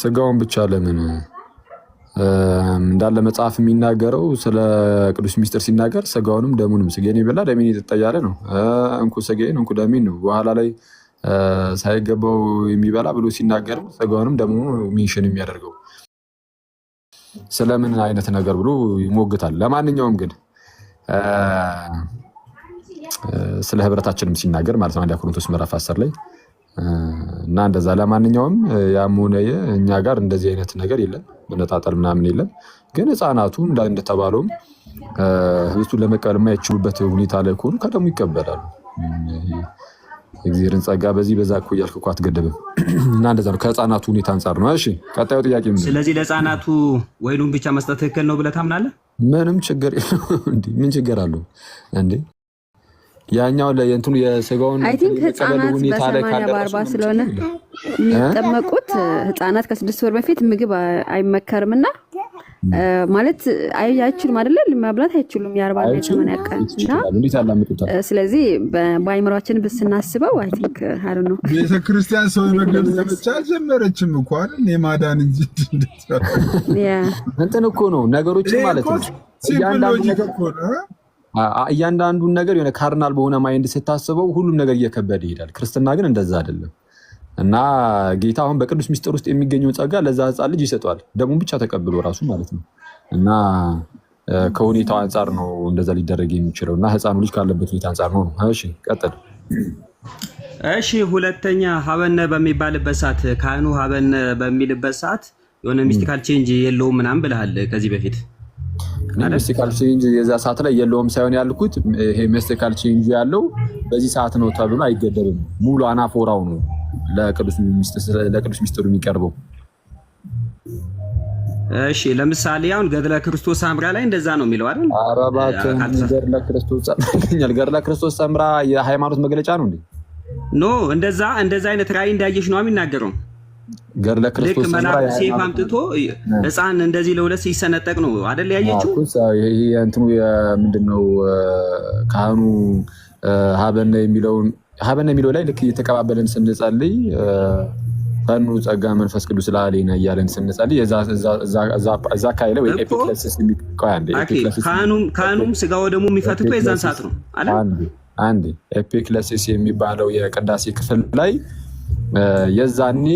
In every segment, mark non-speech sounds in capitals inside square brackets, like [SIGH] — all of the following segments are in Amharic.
ስጋውን ብቻ ለምን እንዳለ መጽሐፍ የሚናገረው ስለ ቅዱስ ሚስጥር ሲናገር ስጋውንም ደሙንም ስጌን የበላ ደሜን የጠጣ እያለ ነው። እንኩ ስጌን እንኩ ደሜን ነው። በኋላ ላይ ሳይገባው የሚበላ ብሎ ሲናገር ስጋውንም ደሙ ሚንሽን የሚያደርገው ስለምን አይነት ነገር ብሎ ይሞግታል። ለማንኛውም ግን ስለ ህብረታችንም ሲናገር ማለት ነው አንድ ቆሮንቶስ ምዕራፍ 10 ላይ እና እንደዛ ለማንኛውም ያም ሆነ እኛ ጋር እንደዚህ አይነት ነገር የለም፣ መነጣጠል ምናምን የለም። ግን ህፃናቱ እንደተባለውም ህብስቱን ለመቀበል የማይችሉበት ሁኔታ ላይ ከሆኑ ከደሙ ይቀበላሉ። እግዚአብሔርን ጸጋ በዚህ በዛ እኮ እያልክ እኮ አትገደብም። እና እንደዛ ነው ከህፃናቱ ሁኔታ አንጻር ነው። እሺ ቀጣዩ ጥያቄ ስለዚህ ለህፃናቱ ወይኑን ብቻ መስጠት ትክክል ነው ብለህ ታምናለህ? ምንም ችግር ምን ችግር አለው እንዴ? ያኛው ለየንትኑ የስጋውን አይ ቲንክ ህጻናት በሰማንያ በአርባ ስለሆነ የሚጠመቁት ህጻናት ከስድስት ወር በፊት ምግብ አይመከርም እና ማለት አይችሉም አይደለ መብላት አይችሉም። የአርባ ሰማንያ ቀን ስለዚህ በአይምሯችን ብስናስበው አይ ቲንክ አሉ ነው ቤተክርስቲያን ሰው መገብ ዘመቻ አልጀመረችም እኮ አይደል የማዳን እንጂ [LAUGHS] እንትን እኮ ነው ነገሮችን ማለት ነው እኮ ነው እያንዳንዱን ነገር የሆነ ካርናል በሆነ ማይንድ ስታስበው ሁሉም ነገር እየከበደ ይሄዳል። ክርስትና ግን እንደዛ አይደለም እና ጌታ አሁን በቅዱስ ሚስጥር ውስጥ የሚገኘውን ጸጋ ለዛ ህፃን ልጅ ይሰጠዋል። ደግሞ ብቻ ተቀብሎ ራሱ ማለት ነው እና ከሁኔታው አንጻር ነው እንደዛ ሊደረግ የሚችለው እና ህፃኑ ልጅ ካለበት ሁኔታ አንጻር ነው። እሺ ቀጥል። እሺ ሁለተኛ ሀበነ በሚባልበት ሰዓት ካህኑ ሀበነ በሚልበት ሰዓት የሆነ ሚስቲካል ቼንጅ የለውም ምናምን ብለሃል ከዚህ በፊት ሚስቲካል ቼንጅ የዛ ሰዓት ላይ የለውም ሳይሆን ያልኩት ይሄ ሚስቲካል ቼንጅ ያለው በዚህ ሰዓት ነው ተብሎ አይገደብም። ሙሉ አናፎራው ነው ለቅዱስ ሚስጥሩ የሚቀርበው። እሺ ለምሳሌ አሁን ገድለ ክርስቶስ አምራ ላይ እንደዛ ነው የሚለው አይደል? ኧረ እባክህ ገድለ ክርስቶስ ገድለ ክርስቶስ የሃይማኖት መግለጫ ነው እንዴ? ኖ እንደዛ እንደዛ አይነት ራእይ እንዳየሽ ነው የሚናገረው ገድለ ክርስቶስ ሴፍ አምጥቶ ህፃን እንደዚህ ለሁለት ሲሰነጠቅ ነው አደል ያየችው። እንትኑ ምንድነው ካህኑ ሀበነ የሚለውን ሀበነ የሚለው ላይ ልክ እየተቀባበለን ስንጸልይ ፈኑ ጸጋ መንፈስ ቅዱስ ለአሌነ እያለን ስንጸልይ እዛ አካባቢ ላይ ካህኑም ስጋ ወደሙ የሚፈትቶ የዛን ሰዓት ነው። አንዴ ኤፒክለስስ የሚባለው የቅዳሴ ክፍል ላይ የዛኔ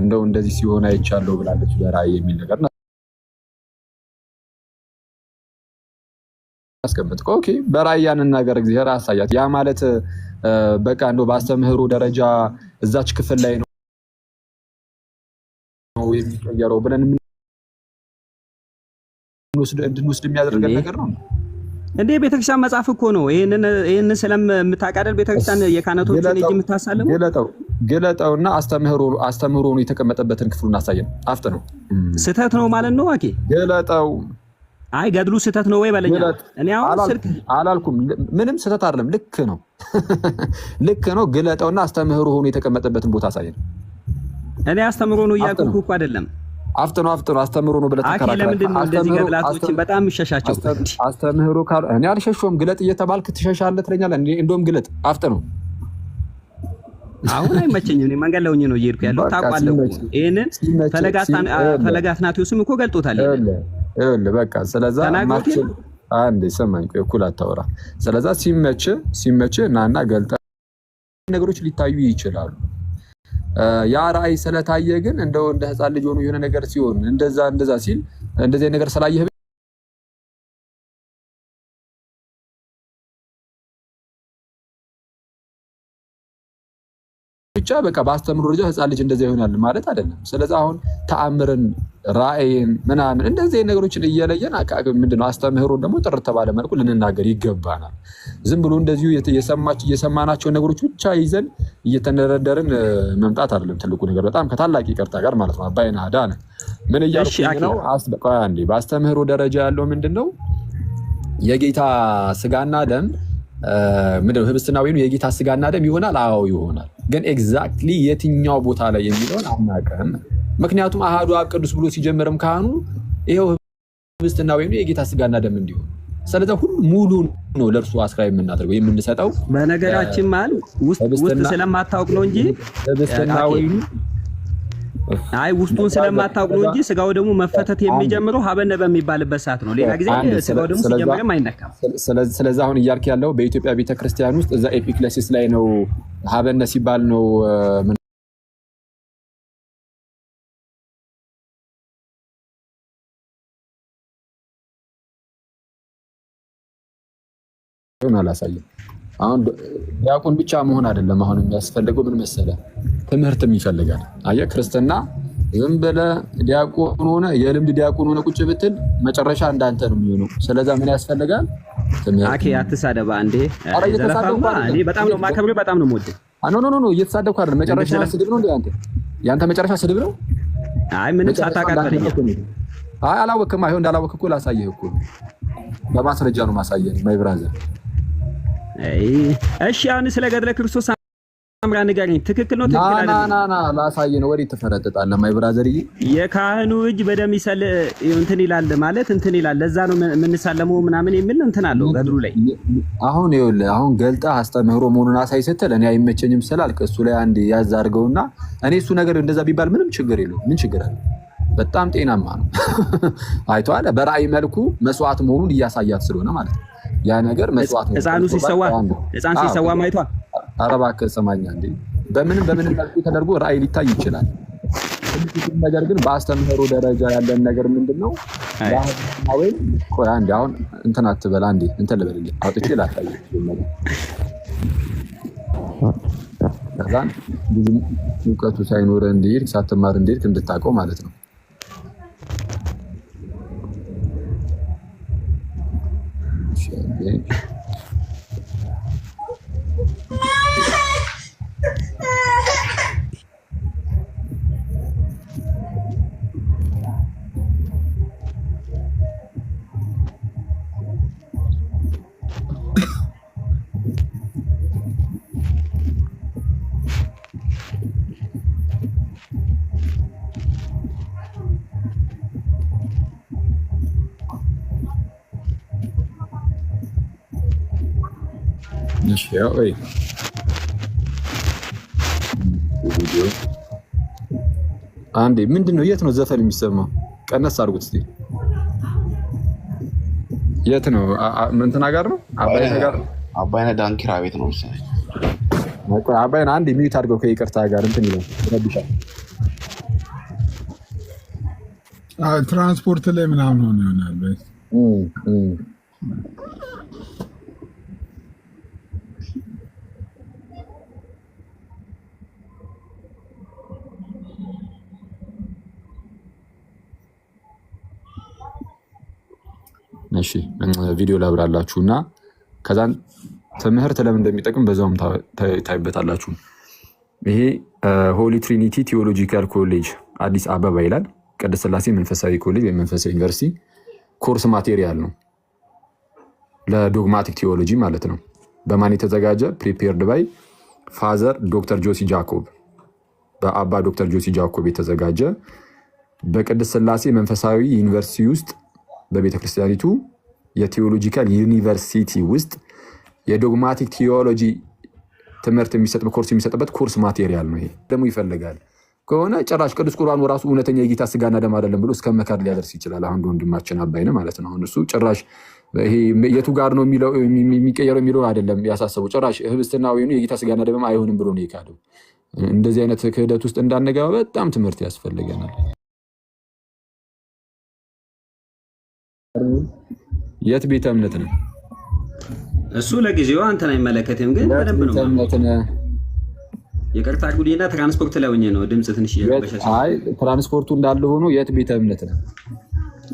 እንደው እንደዚህ ሲሆን አይቻለሁ ብላለች በራእይ የሚል ነገር አስቀምጥ። ኦኬ በራእይ ያንን ነገር እግዚአብሔር አሳያት። ያ ማለት በቃ እንደው በአስተምህሮ ደረጃ እዛች ክፍል ላይ ነው የሚቀየረው ብለን እንድንወስድ የሚያደርገን ነገር ነው እንዴ? ቤተክርስቲያን መጽሐፍ እኮ ነው። ይህን ስለምታቃደል አይደል? ቤተክርስቲያን የካህናቶችን እጅ ግለጠው ገለጠውና አስተምህሮ ነው የተቀመጠበትን ክፍሉን አሳየን። አፍጥ ነው ስህተት ነው ማለት ነው። አኬ ገለጠው። አይ ገድሉ ስህተት ነው ወይ በለኛ። እኔ አሁን ስልክ አላልኩም፣ ምንም ስህተት አይደለም። ልክ ነው፣ [LAUGHS] ልክ ነው። ግለጠውና አስተምህሮ ሆኖ የተቀመጠበትን ቦታ አሳየን። እኔ አስተምህሮ ነው እያልኩ እኮ አይደለም። አፍጥኖ አፍጥኖ አስተምህሮ ነው ብለህ ተከራከራለህ። ለምንድን ነው እንደዚህ ገድላቶችን በጣም የምትሸሻቸው? አስተምህሮ ካልሆነ እኔ አልሸሸሁም። ግለጥ እየተባልክ ትሸሻለህ፣ ትለኛለህ። እንደውም ግለጥ፣ አፍጥነው አሁን አይመቸኝም። መንገድ ላይ ሆኜ ነው እየሄድኩ ያለው ታውቃለህ። ይህንን ፈለገ አትናቴዎስም እኮ ገልጦታል። በቃ ስለዛ አንዴ ሰማኝ፣ እኩል አታወራ። ስለዛ ሲመች ሲመች ናና ገልጠ ነገሮች ሊታዩ ይችላሉ። ያ ራእይ ስለታየ ግን እንደው እንደ ህፃን ልጅ ሆኖ የሆነ ነገር ሲሆን እንደዛ እንደዛ ሲል እንደዚህ ነገር ስላየህ ብቻ በቃ በአስተምሮ ደረጃ ህፃን ልጅ እንደዚያ ይሆናል ማለት አይደለም። ስለዚህ አሁን ተአምርን፣ ራእይን ምናምን እንደዚህ ነገሮችን እየለየን ምንድነው አስተምህሮን ደግሞ ጥርት ተባለ መልኩ ልንናገር ይገባናል። ዝም ብሎ እንደዚሁ የሰማናቸውን ነገሮች ብቻ ይዘን እየተነረደርን መምጣት አይደለም ትልቁ ነገር። በጣም ከታላቅ ይቅርታ ጋር ማለት ነው። አባይን አዳ ነ ምን እያልኩኝ ነው? በአስተምህሮ ደረጃ ያለው ምንድን ነው የጌታ ስጋና ደም ምንድነው ህብስትና ወይኑ የጌታ ስጋና ደም ይሆናል? አዎ ይሆናል። ግን ኤግዛክትሊ የትኛው ቦታ ላይ የሚለውን አናውቅም። ምክንያቱም አሃዱ አብ ቅዱስ ብሎ ሲጀምርም ካህኑ ይኸው ህብስትና ወይኑ የጌታ ስጋና ደም እንዲሆን ስለዚ ሁሉ ሙሉ ነው ለእርሱ አስራ የምናደርገው የምንሰጠው። በነገራችን መሀል ውስጥ ስለማታውቅ ነው እንጂ ህብስትና ወይኑ አይ ውስጡን ስለማታውቅ ነው እንጂ ስጋው ደግሞ መፈተት የሚጀምረው ሀበነ በሚባልበት ሰዓት ነው። ሌላ ጊዜ ስጋው ደግሞ ሲጀምርም አይነካም። ስለዚ አሁን እያልክ ያለው በኢትዮጵያ ቤተክርስቲያን ውስጥ እዛ ኤፒክለሲስ ላይ ነው ሀበነ ሲባል ነው አላሳየም አሁን ዲያቆን ብቻ መሆን አይደለም። አሁን የሚያስፈልገው ምን መሰለ፣ ትምህርትም ይፈልጋል። አየህ ክርስትና ዝም ብለህ ዲያቆን ሆነ የልምድ ዲያቆን ሆነ ቁጭ ብትል መጨረሻ እንዳንተ ነው የሚሆነው። ስለዛ ምን ያስፈልጋል? አኬ አትሳደባ እንዴ! በጣም ነው ማከብሬ፣ በጣም ነው የምወደው። ኖ ኖ ኖ እየተሳደብኩ አይደለም። መጨረሻ ስድብ ነው እንዴ አንተ? ያንተ መጨረሻ ስድብ ነው። አይ ምንም ሳታቃጥለኝ። አይ አላወቅም። አይሆን እንዳላወቅህ እኮ ላሳየህ እኮ በማስረጃ ነው ማሳየህ ማይ ብራዘር እሺ አሁን ስለ ገድለ ክርስቶስ አምራ ንገረኝ። ትክክል ነው ትክክል አይደለም? ና ና ላሳይህ ነው። ወዴት ትፈረጥጣለህ? ማይ ብራዘር፣ የካህኑ እጅ በደም ይሰል እንትን ይላል ማለት እንትን ይላል። ለዛ ነው የምንሳለመው ምናምን የሚል እንትን አለው ገድሉ ላይ። አሁን ይኸውልህ፣ አሁን ገልጠህ አስተምህሮ መሆኑን አሳይ ስትል እኔ አይመቸኝም ስላልክ እሱ ላይ አንድ ያዝ አድርገውና እኔ እሱ ነገር እንደዛ ቢባል ምንም ችግር የለውም። ምን ችግር አለ? በጣም ጤናማ ነው። [LAUGHS] አይተዋል። በራእይ መልኩ መስዋዕት መሆኑን እያሳያት ስለሆነ ማለት ነው። ያ ነገር መስዋዕት ህፃኑ ሲሰዋ ህፃን ሲሰዋ አይተዋል። ኧረ እባክህ ስማኝ እንዴ! በምንም በምንም መልኩ ተደርጎ ራእይ ሊታይ ይችላል። ነገር ግን በአስተምህሮ ደረጃ ያለን ነገር ምንድን ነው? ወይም ቆይ አንዴ፣ አሁን እንትን አትበላ እንዴ! እንትን ልበልልህ አውጥቼ ላታይ ከዛን ብዙ እውቀቱ ሳይኖረ እንዲሄድ ሳትማር እንዲሄድ እንድታውቀው ማለት ነው። Entende? Inşallah. አንዴ ምንድን ነው? የት ነው ዘፈን የሚሰማው? ቀነስ አድርጉት እስኪ። የት ነው? እንትና ጋር ነው? አባይነ ዳንኪራ ቤት ነው መሰለኝ። አባይነ አንድ ሚዩት አድርገው ከይቅርታ ጋር እንትን ይላል ረብሻል። ትራንስፖርት ላይ ምናምን ሆነ ይሆናል። እሺ ቪዲዮ ላብራላችሁ እና ከዛን ትምህርት ለምን እንደሚጠቅም በዛውም ታይበታላችሁ። ይሄ ሆሊ ትሪኒቲ ቴዎሎጂካል ኮሌጅ አዲስ አበባ ይላል። ቅድስት ስላሴ መንፈሳዊ ኮሌጅ ወይም መንፈሳዊ ዩኒቨርሲቲ ኮርስ ማቴሪያል ነው። ለዶግማቲክ ቴዎሎጂ ማለት ነው። በማን የተዘጋጀ ፕሪፔርድ ባይ ፋዘር ዶክተር ጆሲ ጃኮብ በአባ ዶክተር ጆሲ ጃኮብ የተዘጋጀ በቅድስት ስላሴ መንፈሳዊ ዩኒቨርሲቲ ውስጥ በቤተ ክርስቲያኒቱ የቴዎሎጂካል ዩኒቨርሲቲ ውስጥ የዶግማቲክ ቴዎሎጂ ትምህርት የሚሰጥ ኮርስ የሚሰጥበት ኮርስ ማቴሪያል ነው። ይሄ ደግሞ ይፈልጋል ከሆነ ጭራሽ ቅዱስ ቁርባኑ ራሱ እውነተኛ የጌታ ስጋና ደም አይደለም ብሎ እስከ መካድ ሊያደርስ ይችላል። አንዱ ወንድማችን ነ ማለት ነው። አሁን እሱ ጭራሽ የቱ ጋር ነው የሚቀየረው የሚለው አይደለም ያሳሰበው። ጭራሽ ህብስትና ወይኑ የጌታ ስጋና ደም አይሆንም ብሎ ነው የካደው። እንደዚህ አይነት ክህደት ውስጥ እንዳንገባ በጣም ትምህርት ያስፈልገናል። የት ቤተ እምነት ነው? እሱ ለጊዜው አንተን አይመለከትም፣ ግን በደንብ ነው የቀርታ ጉዴና ትራንስፖርት ላይ ነው ድምፅ ትንሽ እየረበሸ ትራንስፖርቱ እንዳለ ሆኖ የት ቤተ እምነት ነው?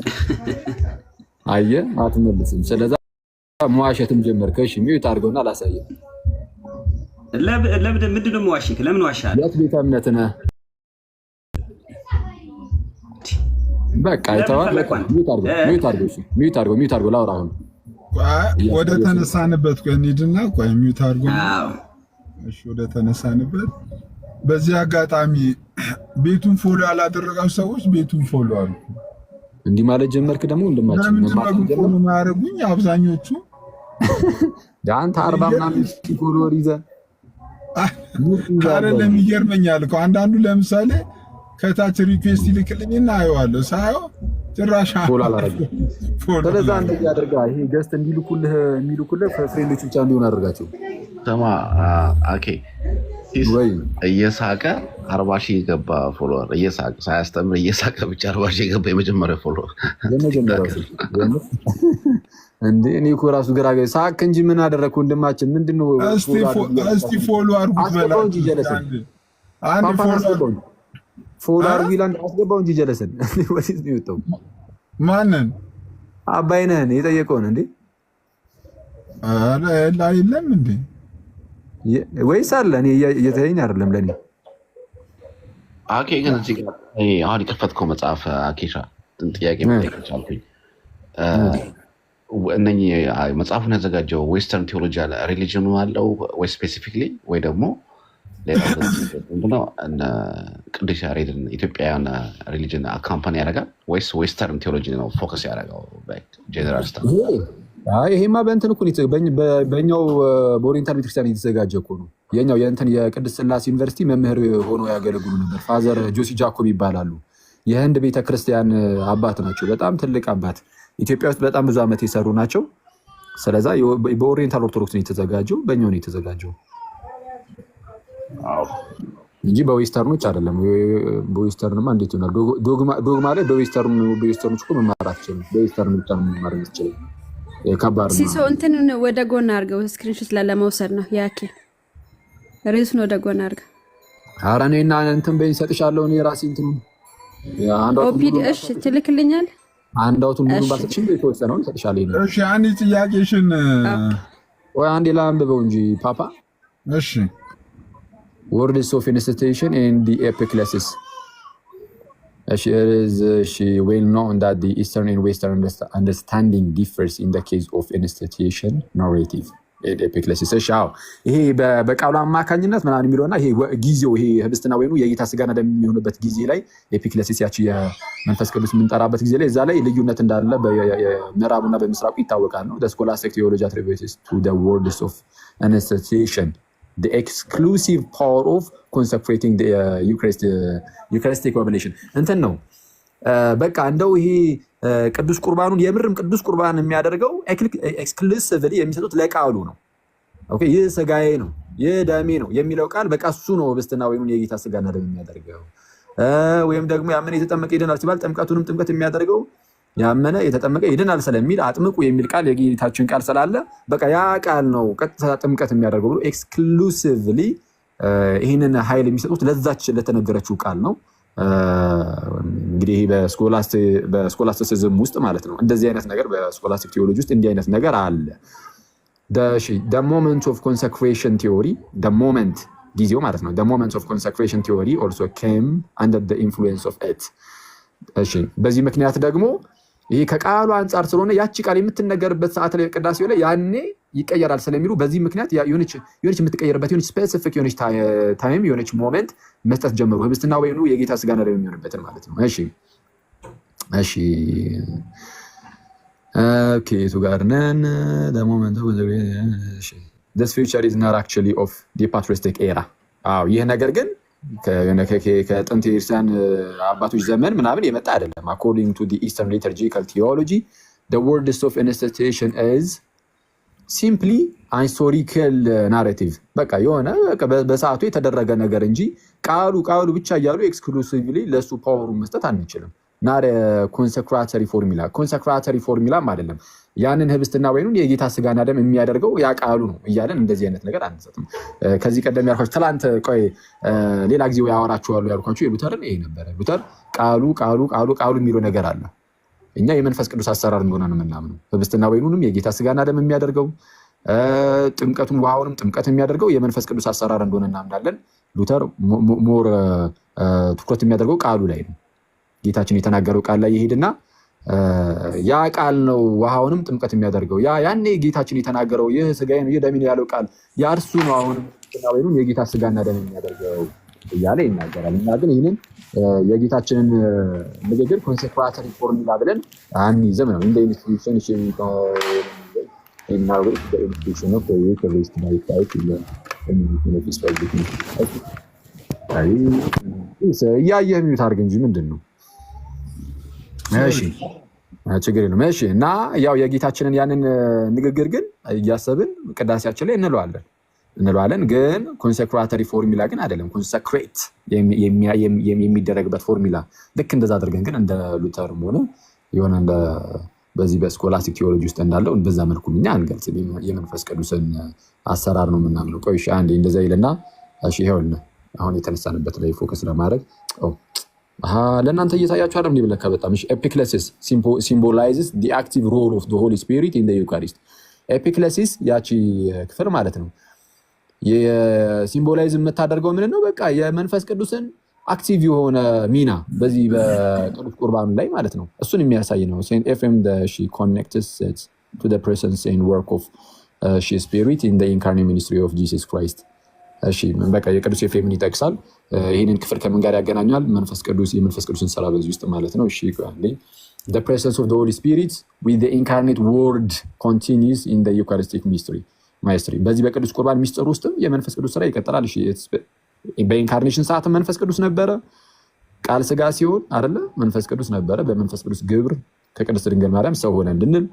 [LAUGHS] አየ አትመልስም። ስለዛ መዋሸትም ጀመርክ። እሺ ሚዩት አድርገውና አላሳየም። ለምንድን ነው መዋሸት? ለምን ዋሻል? የት ቤተ እምነት ነህ? በቃ ይተዋል። ሚዩት አድርጎ ላውራ። አሁን ወደ ተነሳንበት ቆይ እንሂድና ቆይ ሚዩት አድርጎ ወደ ተነሳንበት። በዚህ አጋጣሚ ቤቱን ፎሎ ያላደረጋችሁ ሰዎች ቤቱን ፎሎ አሉ። እንዲህ ማለት ጀመርክ ደግሞ ወንድማችን ማያደርጉኝ አብዛኞቹ አንተ አርባ ምናምን ፎሎወር ይዘህ አይደለም። ይገርመኛል እኮ አንዳንዱ ለምሳሌ ከታች ሪኩዌስት ይልክልኝና አየዋለሁ። ሳየው ጭራሽ ስለዛ እንደዚህ አድርጋ ይሄ ገስት እንዲልኩልህ የሚልኩልህ ፍሬንዶች ብቻ እንዲሆን አድርጋቸው። ተማ ኦኬ። እየሳቀ አርባ ሺህ የገባ ፎሎወር እየሳቀ ሳያስተምር እየሳቀ ብቻ አርባ ሺህ የገባ የመጀመሪያ ፎሎወር እኔ እኮ ራሱ ግራ ሳቅ እንጂ ምን አደረግኩ? ወንድማችን ምንድን ነው? እስቲ ፎሎ ጀለሰ አንድ ፎሎ ፎላር ዊላንድ አስገባው እንጂ ጀለሰን ወዴት ነው የወጣው? ማንን? አባይነህን የጠየቀውን እንዴ? የለም እንዴ ወይስ አለ? እኔ እየተለኝ አይደለም ለእኔ አኬ ግን እዚህ ጋር አሁን የከፈትከው መጽሐፍ አኬሻ ጥያቄ ቻልኩኝ። እነ መጽሐፉን ያዘጋጀው ዌስተርን ቴዎሎጂ አለ ሪሊጅኑ አለው ወይ ስፔሲፊክሊ ወይ ደግሞ ሌላ ምንድነው እነ ቅዱስ ያሬድን ኢትዮጵያውያን ሪሊጅን አካምፓኒ ያደርጋል ወይስ ዌስተርን ቴዎሎጂ ነው ፎከስ ያደረገው? ጀነራል ስታ ይሄማ በእንትን እኮ በኛው በኦሪንታል ቤተክርስቲያን የተዘጋጀ እኮ ነው። የኛው የእንትን የቅድስት ስላሴ ዩኒቨርሲቲ መምህር ሆኖ ያገለግሉ ነበር። ፋዘር ጆሲ ጃኮብ ይባላሉ። የህንድ ቤተክርስቲያን አባት ናቸው። በጣም ትልቅ አባት፣ ኢትዮጵያ ውስጥ በጣም ብዙ ዓመት የሰሩ ናቸው። ስለዛ በኦሪንታል ኦርቶዶክስ ነው የተዘጋጀው፣ በኛው ነው የተዘጋጀው። እንጂ በዌስተርኖች አይደለም። በዌስተርንማ እንዴት ይሆናል? ዶግማ ላይ በዌስተርኖች እኮ መማር አትችልም። በዌስተርን ብቻ ነው መማር የሚችለው። ከባድ ሲሶ እንትንን ወደ ጎን አድርገው ስክሪንሾት ለመውሰድ ነው። ያኬ ርዕሱን ወደ ጎን አድርገው። ኧረ እኔና እንትን በይ እሰጥሻለሁ። እኔ ራሴ እንትን ኦፒድ እሺ፣ ትልክልኛል። አንዳውቱን ሙሉ ባሰጥሽ የተወሰነውን እሰጥሻለሁ። እሺ፣ አንድ ጥያቄሽን ወይ አንዴ ላንብበው እንጂ ፓፓ። እሺ ወርድስ ኦፍ ኢንስቲቱሽን ኢን ዲ ኤፒክለሲስ ዌል ኖን ዳት ዲ ኢስተርን ኤንድ ዌስተርን አንደርስታንዲንግ ዲፈርስ ኢን ደ ኬዝ ኦፍ ኢንስቲቱሽን ናሬቲቭ ኤፒክለሲስ። እሺ አዎ፣ ይሄ በቃሉ አማካኝነት ምናምን የሚለውና ይሄ ጊዜው ይሄ ህብስትና ወይኑ የጌታ ስጋና ደም የሚሆንበት ጊዜ ላይ ኤፒክለሲስ ያቺ የመንፈስ ቅዱስ የምንጠራበት ጊዜ ላይ እዛ ላይ ልዩነት እንዳለ በምዕራቡና በምስራቁ ይታወቃል ነው። ስኮላስቲክ ቴዎሎጂ አትሪቢዩትስ ቱ ወርድስ ኦፍ ኢንስቲቱሽን ኤክስክሉሲቭ ፓወር ኦፍ ኮንሰክሬቲንግ ዩካሪስቲክ ኦብሌሽን እንትን ነው። uh, በቃ እንደው ይሄ uh, ቅዱስ ቁርባኑን የምርም ቅዱስ ቁርባን የሚያደርገው ኤክስክሉሲቭሊ የሚሰጡት ለቃሉ ነው። ኦኬ ይህ ስጋዬ ነው፣ ይህ ደሜ ነው የሚለው ቃል በቃ እሱ ነው ህብስትና ወይኑን የጌታ ስጋና ደም የሚያደርገው uh, ወይም ደግሞ ያምን የተጠመቀ ይድናል ሲባል ጥምቀቱንም ጥምቀት የሚያደርገው ያመነ የተጠመቀ ይድናል ስለሚል አጥምቁ የሚል ቃል የጌታችን ቃል ስላለ በቃ ያ ቃል ነው ቀጥታ ጥምቀት የሚያደርገው ብሎ ኤክስክሉሲቭሊ ይህንን ኃይል የሚሰጡት ለዛች ለተነገረችው ቃል ነው። እንግዲህ በስኮላስቲሲዝም ውስጥ ማለት ነው እንደዚህ አይነት ነገር በስኮላስቲክ ቴዎሎጂ ውስጥ እንዲህ አይነት ነገር አለ። ደ ሞመንት ኦፍ ኮንሰክሬሽን ቲዎሪ ደ ሞመንት ጊዜው ማለት ነው። ደ ሞመንት ኦፍ ኮንሰክሬሽን ቲዎሪ ኦልሶ ኬም አንደር ኢንፍሉዌንስ ኦፍ ኢት። በዚህ ምክንያት ደግሞ ይህ ከቃሉ አንጻር ስለሆነ ያቺ ቃል የምትነገርበት ሰዓት ላይ ቅዳሴው ላይ ያኔ ይቀየራል ስለሚሉ በዚህ ምክንያት የሆነች የምትቀየርበት የሆነች ስፔሲፊክ የሆነች ታይም የሆነች ሞመንት መስጠት ጀመሩ። ህብስትና ወይኑ የጌታ ስጋ ነው የሚሆንበትን ማለት ነው። እሺ፣ እሺ፣ ኦኬ። ጋር ነን? ለሞመንቱ ስ ፊውቸር ኢዝ ናት አክቹዋሊ ኦፍ ዲፓትሪስቲክ ኤራ። ይህ ነገር ግን ከጥንት የክርስቲያን አባቶች ዘመን ምናምን የመጣ አይደለም። አኮርዲንግ ቱ ኢስተርን ሊተርጂካል ቴዎሎጂ ወርድ ኦፍ ኢንስቲቱሽን ኢዝ ሲምፕሊ ሃይስቶሪካል ናሬቲቭ በቃ የሆነ በሰዓቱ የተደረገ ነገር እንጂ ቃሉ ቃሉ ብቻ እያሉ ኤክስክሉሲቭሊ ለእሱ ፓወሩ መስጠት አንችልም። ናረ ኮንሰክራተሪ ፎርሚላ ኮንሰክራተሪ ፎርሚላም አይደለም። ያንን ህብስትና ወይኑን የጌታ ስጋና ደም የሚያደርገው ያ ቃሉ ነው እያለን እንደዚህ አይነት ነገር አንሰጥም። ከዚህ ቀደም ያልኳቸው ትላንት፣ ቆይ ሌላ ጊዜ ያወራችኋሉ ያልኳቸው የሉተርን ይሄ ነበረ። ሉተር ቃሉ ቃሉ ቃሉ ቃሉ የሚለው ነገር አለ። እኛ የመንፈስ ቅዱስ አሰራር እንደሆነ ነው የምናምነው። ህብስትና ወይኑንም የጌታ ስጋና ደም የሚያደርገው ጥምቀቱን ውሃውንም ጥምቀት የሚያደርገው የመንፈስ ቅዱስ አሰራር እንደሆነ እናምናለን። ሉተር ሞር ትኩረት የሚያደርገው ቃሉ ላይ ነው። ጌታችን የተናገረው ቃል ላይ ይሄድና ያ ቃል ነው ውሃውንም ጥምቀት የሚያደርገው። ያ ያኔ ጌታችን የተናገረው ይህ ስጋዬ ነው ይህ ደሜ ነው ያለው ቃል ያ እርሱ ነው አሁንም ወይም የጌታ ስጋና ደም የሚያደርገው እያለ ይናገራል። እና ግን ይህንን የጌታችንን ንግግር ኮንሴክራተሪ ፎርሙላ ብለን አንይዘም ነው እንደ ኢንስቲቱሽን እያየህ ሚዩት አድርግ እንጂ ምንድን ነው ችግር የለም። እሺ እና ያው የጌታችንን ያንን ንግግር ግን እያሰብን ቅዳሴያችን ላይ እንለዋለን እንለዋለን ግን ኮንሰክራተሪ ፎርሚላ ግን አይደለም። ኮንሰክሬት የሚደረግበት ፎርሚላ ልክ እንደዛ አድርገን ግን እንደ ሉተር ሆነ የሆነ በዚህ በስኮላስቲክ ቴዎሎጂ ውስጥ እንዳለው በዛ መልኩ እኛ አንገልጽ። የመንፈስ ቅዱስን አሰራር ነው የምናምነው። ቆይ አንዴ እንደዛ ይልና ይኸውልህ አሁን የተነሳንበት ላይ ፎከስ ለማድረግ ለእናንተ እየታያችሁ አለም ሊብለካ በጣም ኤፒክለሲስ ሲምቦላይዝስ ዲ አክቲቭ ሮል ኦፍ ሆሊ ስፒሪት ኢን ዩካሪስት። ኤፒክለሲስ ያቺ ክፍል ማለት ነው የሲምቦላይዝ የምታደርገው ምን ነው? በቃ የመንፈስ ቅዱስን አክቲቭ የሆነ ሚና በዚህ በቅዱስ ቁርባኑ ላይ ማለት ነው እሱን የሚያሳይ ነው። ሴንት ኤፍሬም ኮኔክትስ ቱ ኤንድ ወርክ ኦፍ ስፒሪት ኢን ሚኒስትሪ ኦፍ ጂሰስ ክራይስት። በቃ የቅዱስ ኤፍሬምን ይጠቅሳል። ይህንን ክፍል ከምን ጋር ያገናኛል? መንፈስ ቅዱስ የመንፈስ ቅዱስን ስራ በዚህ ውስጥ ማለት ነው። እሺ the presence ኦፍ ሆሊ ስፒሪት Spirit with the incarnate word continues in በዚህ በቅዱስ ቁርባን ሚስጥር ውስጥም የመንፈስ ቅዱስ ስራ ይቀጥላል። በኢንካርኔሽን ሰዓት መንፈስ ቅዱስ ነበረ። ቃል ስጋ ሲሆን አለ መንፈስ ቅዱስ ነበረ። በመንፈስ ቅዱስ ግብር ከቅድስት ድንግል ማርያም ሰው ሆነ እንድንል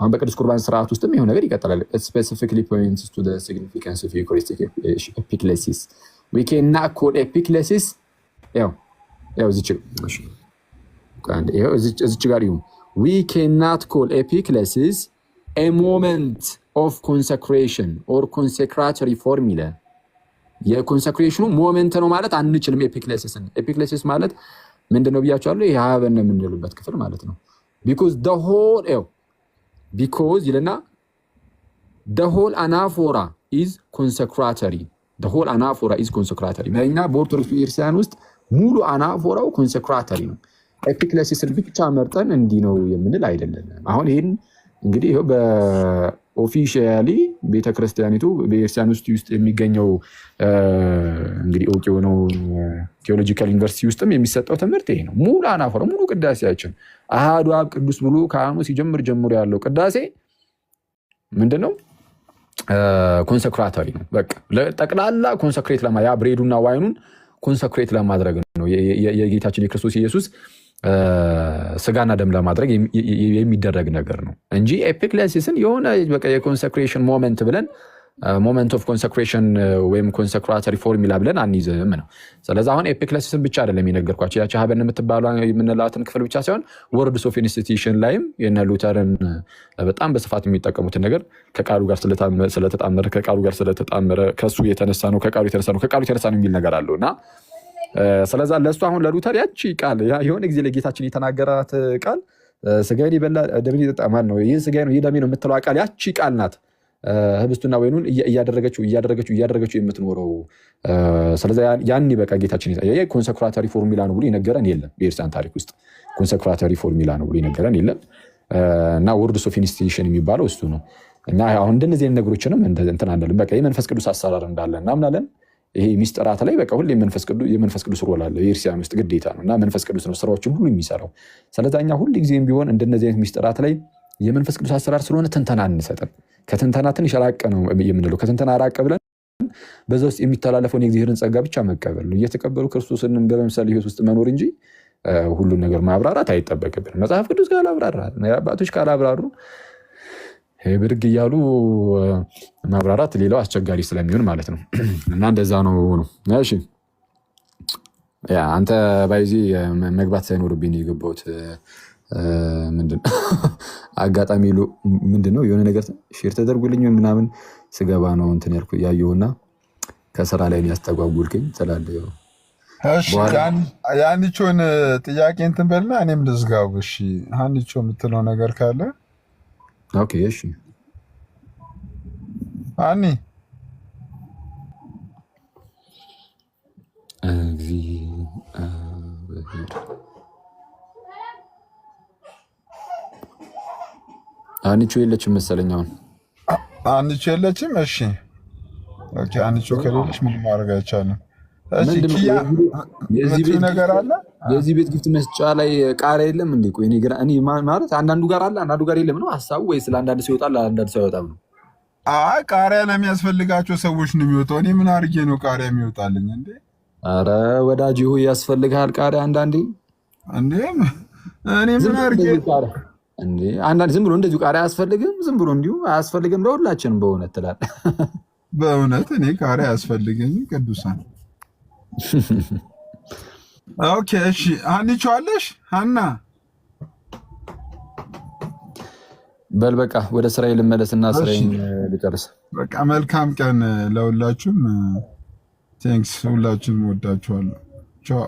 አሁን በቅዱስ ቁርባን ስርዓት ውስጥም ይኸው ነገር ይቀጥላል። ስፔሲፊክሊ ፖይንትስ ቱ ሲግኒፊካንስ ኦፍ ዩካሪስቲክ ኤፒክሌሲስ ዊኬና ኮል ኤፒክለሲስ እዚች ጋር ይሁን ዊኬናት ኮል ኤፒክለሲስ ኤ ሞመንት ኦፍ ኮንሰክሬሽን ኦር ኮንሴክራቶሪ ፎርሚላ የኮንሰክሬሽኑ ሞመንት ነው ማለት አንችልም። ኤፒክለሲስን ኤፒክለሲስ ማለት ምንድን ነው ብያቸዋለሁ። ይህ የምንልበት ክፍል ማለት ነው። ቢኮዝ ሆል ው ቢኮዝ ይልና ሆል አናፎራ ኢዝ ኮንሰክራተሪ ሆል አናፎራ ኢዝ ኮንሰክራተሪ። በእኛ በኦርቶዶክስ ቤተክርስቲያን ውስጥ ሙሉ አናፎራው ኮንሰክራተሪ ነው። ኤፒክለሲስን ብቻ መርጠን እንዲህ ነው የምንል አይደለም። አሁን ይህን እንግዲህ ይኸው በኦፊሻሊ ቤተክርስቲያኒቱ ቤተክርስቲያን ውስጥ ውስጥ የሚገኘው እንግዲህ እውቅ የሆነው ቴዎሎጂካል ዩኒቨርሲቲ ውስጥም የሚሰጠው ትምህርት ይሄ ነው። ሙሉ አናፎራ ሙሉ ቅዳሴያችን አሐዱ አብ ቅዱስ ብሎ ከአኑ ሲጀምር ጀምሮ ያለው ቅዳሴ ምንድን ነው? ኮንሰክራቶሪ ነው። በቃ ጠቅላላ ኮንሰክሬት ለማ ያ ብሬዱና ዋይኑን ኮንሰክሬት ለማድረግ ነው። የጌታችን የክርስቶስ ኢየሱስ ስጋና ደም ለማድረግ የሚደረግ ነገር ነው እንጂ ኤፒክሌሲስን የሆነ የኮንሰክሬሽን ሞመንት ብለን ሞመንት ኦፍ ኮንሰክሬሽን ወይም ኮንሰክራተሪ ፎርም ይላ ብለን አንይዝም ነው። ስለዚ አሁን ኤፒክለሲስን ብቻ አይደለም የነገርኳቸው ያቸው ሀበን የምትባለ የምንላትን ክፍል ብቻ ሳይሆን ወርድስ ኦፍ ኢንስቲትዩሽን ላይም የነ ሉተርን በጣም በስፋት የሚጠቀሙትን ነገር ከቃሉ ጋር ስለተጣመረ ከቃሉ ጋር ስለተጣመረ ከሱ የተነሳ ነው ከቃሉ የተነሳ ነው ከቃሉ የተነሳ ነው የሚል ነገር አለው እና ስለዛ ለእሱ አሁን ለሉተር ያቺ ቃል የሆነ ጊዜ ለጌታችን የተናገራት ቃል ስጋዬን ይበላ ደሜን ይጠጣ ማለት ነው ይህ ስጋዬ ነው ይህ ደሜ ነው የምትለው ቃል ያቺ ቃል ናት። ህብስቱና ወይኑን እያደረገችው እያደረገችው እያደረገችው የምትኖረው። ስለዚ ያን በቃ ጌታችን ኮንሰክራተሪ ፎርሙላ ነው ብሎ የነገረን የለም። የኤርትራን ታሪክ ውስጥ ኮንሰክራተሪ ፎርሙላ ነው ብሎ የነገረን የለም። እና ወርድ ኦፍ ኢንስቲቱሽን የሚባለው እሱ ነው። እና አሁን እንደነዚህ ነገሮችንም እንትን አንልም። በቃ የመንፈስ ቅዱስ አሰራር እንዳለ እናምናለን። ይሄ ሚስጥራት ላይ በቃ ሁሌ የመንፈስ ቅዱስ ሮል አለ የክርስቲያን ውስጥ ግዴታ ነው። እና መንፈስ ቅዱስ ነው ስራዎችን ሁሉ የሚሰራው። ስለዚ እኛ ሁሌ ጊዜም ቢሆን እንደነዚህ አይነት ሚስጥራት ላይ የመንፈስ ቅዱስ አሰራር ስለሆነ ትንተና አንሰጥም። ከትንተና ትንሽ ራቀ ነው የምንለው። ከትንተና ራቀ ብለን በዛ ውስጥ የሚተላለፈውን የእግዚአብሔርን ጸጋ ብቻ መቀበል ነው። እየተቀበሉ ክርስቶስን በመምሰል ህይወት ውስጥ መኖር እንጂ ሁሉን ነገር ማብራራት አይጠበቅብንም። መጽሐፍ ቅዱስ ካላብራራ፣ አባቶች ካላብራሩ ብድግ እያሉ ማብራራት ሌላው አስቸጋሪ ስለሚሆን ማለት ነው እና እንደዛ ነው ነው። እሺ አንተ ባይዚ መግባት ሳይኖርብኝ የገባሁት ምንድን [LAUGHS] አጋጣሚ ምንድን ነው የሆነ ነገር ሼር ተደርጉልኝ ምናምን ስገባ ነው እንትን ያልኩ ያየውና ከስራ ላይ ያስተጓጉልክኝ ትላለህ። የአንቾን ጥያቄ እንትን በልና እኔም ልዝጋቡ። እሺ አንቾ የምትለው ነገር ካለ ኦኬ። እሺ አኒ እዚህ አንቺ የለችም መሰለኝ። አሁን አንቺ የለችም። እሺ ኦኬ። አንቺ ከሌለች ምን ማድረግ አይቻልም። እሺ ኪያ ነገር አለ። የዚህ ቤት ግፍት መስጫ ላይ ቃሪያ የለም እንዴ? ቆይ እኔ ማለት አንዳንዱ ጋር አለ አንዳንዱ ጋር የለም ነው ሀሳቡ፣ ወይስ ለአንዳንድ ሰው ይወጣል ለአንዳንድ ሰው አይወጣም ነው? አይ ቃሪያ ለሚያስፈልጋቸው ሰዎች ነው የሚወጣው። እኔ ምን አድርጌ ነው ቃሪያ የሚወጣልኝ እንዴ? አረ ወዳጅ ሆይ ያስፈልግሃል ቃሪያ አንዳንዴ። እንዴ እኔ ምን አድርጌ አንዳንድ ዝም ብሎ እንደዚሁ ቃሪያ አያስፈልግም፣ ዝም ብሎ እንዲሁ አያስፈልግም ለሁላችንም በእውነት ትላል። በእውነት እኔ ቃሪያ አያስፈልገኝ ቅዱሳን። ኦኬ እሺ፣ ሀና በል በቃ ወደ ስራዬ ልመለስና ስራዬን ልጨርስ። በቃ መልካም ቀን ለሁላችሁም። ቴንክስ ሁላችሁም ወዳችኋለሁ። ቻው።